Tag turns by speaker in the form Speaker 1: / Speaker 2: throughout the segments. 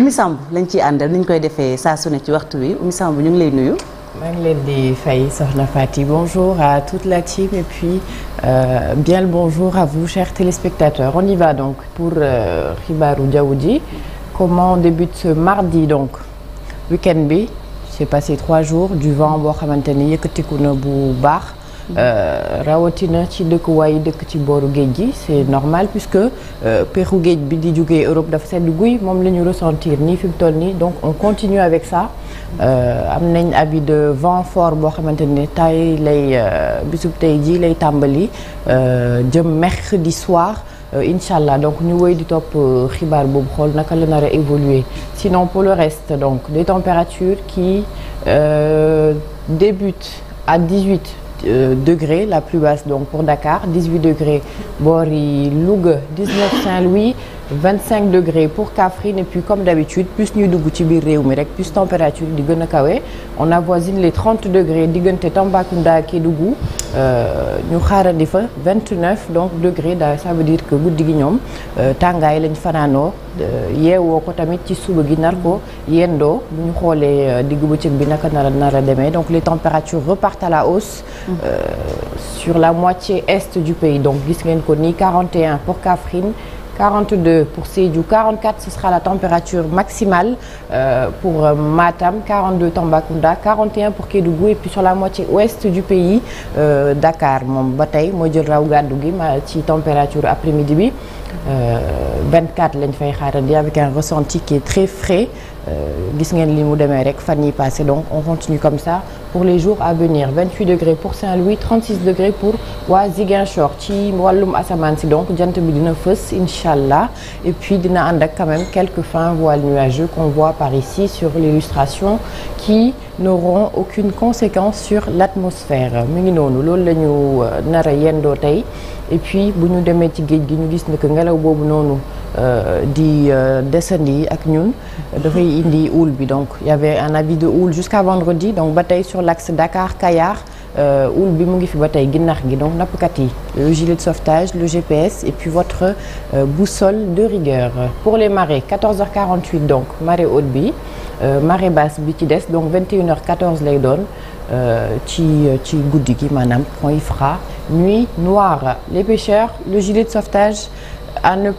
Speaker 1: Oumy Samb lañ ciy àndal niñ koy defee saa su ci waxtu wi Oumy Samb ñu ngi lay nuyu. maa ngi leen di fay soxna Fati bonjour à toute la team et puis euh, bien le bonjour à vous chers téléspectateurs on y va donc pour xibaaru euh, jaww ji comment on débute ce mardi donc week-end bi c'est passé trois jours du vent boo xamante ni yëkkatiku na bu baax. Euh, rawatina ci dëkkuwaay yi dëkk ci booru géej gi c'est normal puisque euh, peexu géej bi di jógee Europe dafa sedd guy moom la ñu ressentir nii fi mu toll nii donc on continue avec ça euh, am nañ abi de vent fort boo xamante ne tay lay bisub tey jii lay tàmbali jëm mercredi soir Euh, incha allah donc ñu wéy di topp xibaar boobu xool naka la nar a évoluer sinon pour le reste donc des températures qui euh, débutent à 18 Euh, degrés la plus basse donc pour Dakar 18 degrés Louga 19 25 degrés pour Kaffrine et puis comme d'habitude plus ñuy dugg ci biir réew mi rek plus température di gën a kawe on avoisine les 30 degrés diggante Tambacounda Kédougou euh, ñu xaarandi fa 29 donc degrés daal ça veut dire que guddi gi ñoom euh, tàngaay lañ fanaanoo euh, yeewoo ko tamit ci suba gi nar ko yendoo bu ñu xoolee digg bëccëg bi naka nar a nar a demee donc les températures repartent à la hausse mm. euh, sur la moitié est du pays donc gis ngeen ko nii 41 pour Kaffrine 42 pour Sédhiou 44 ce sera la température maximale euh, pour euh, Matam 42 Tambacounda 41 pour Kédougou et puis sur la ci ouest du pays euh, Dakar moom ba tey moo jël raw gàddu gi ma ci température après-midi bi. 24 euh, lañ fay xaarandi avec un ressenti qui est très frais euh, gis ngeen li mu demee rek fan yi passé donc on continue comme ça pour les jours à venir 28 degrés pour Saint-Louis 36 degrés pour waa Ziguinchor ci wàllum asamaan si donc jant bi dina fës incha allah et puis dina ànd ak quand même quelques fins voiles nuageux qu'on voit par ici sur l'illustration qui n'auront aucune conséquence sur l'atmosphère mu ngi noonu loolu la ñu euh, nar a yendoo tey et puis bu ñu demee ci géej gi ñu gis ne que ngelaw boobu noonu euh, di euh, descendi ak ñun dafay indi houle bi donc il y avait un avis de houle jusqu'à vendredi donc ba tey sur l'axe Dakar Kayar houle bi mu ngi fi ba tey ginnaar gi donc nappkat yi le gilet de sauvetage le GPS et puis votre boussole de rigueur pour les marées 14h48 donc marée haute bi Euh, marée basse bi ci des donc 21h14 lay doon euh, ci ci guddi gi maanaam quand il fera nuit noire les pêcheurs le gilet de sauvetage à ne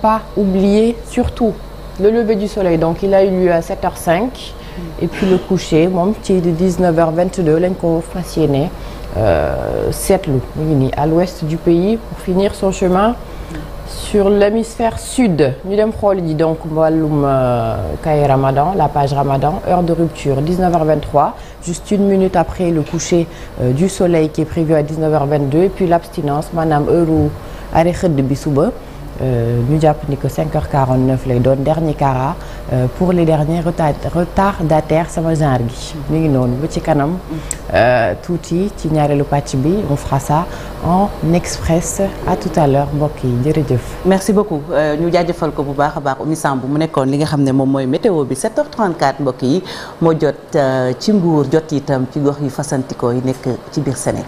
Speaker 1: surtout le lever du donc il a eu lieu à 7h05 et puis le lañ ko fas yéene euh, seetlu mu ngi nii à sur l'hémisphère sud ñu dem xool ji donc wàllum euh, kay Ramadan la page Ramadan heure de rupture 19h23 juste une minute après le coucher euh, du soleil qui est prévu à 19h22 et puis l'abstinence maanaam heure arrêt xëdd bi suba Euh, ñu jàpp ni que 5h49 lay doon dernier cara euh, pour les derniers retardataires sama genre gi. mi ngi noonu ba ci kanam. Euh, tuuti ci ñaareelu pàcc bi on fera ça en express à tout à l'heure mbokk yi jërëjëf. merci beaucoup ñu jaajëfal ko bu baax a baax Oumy bu mu nekkoon li nga xam ne moom mooy météo bi 7h34 mbokk yi moo jot ci mbuur jot itam ci gox yu fasantikoo yi nekk ci biir Sénégal.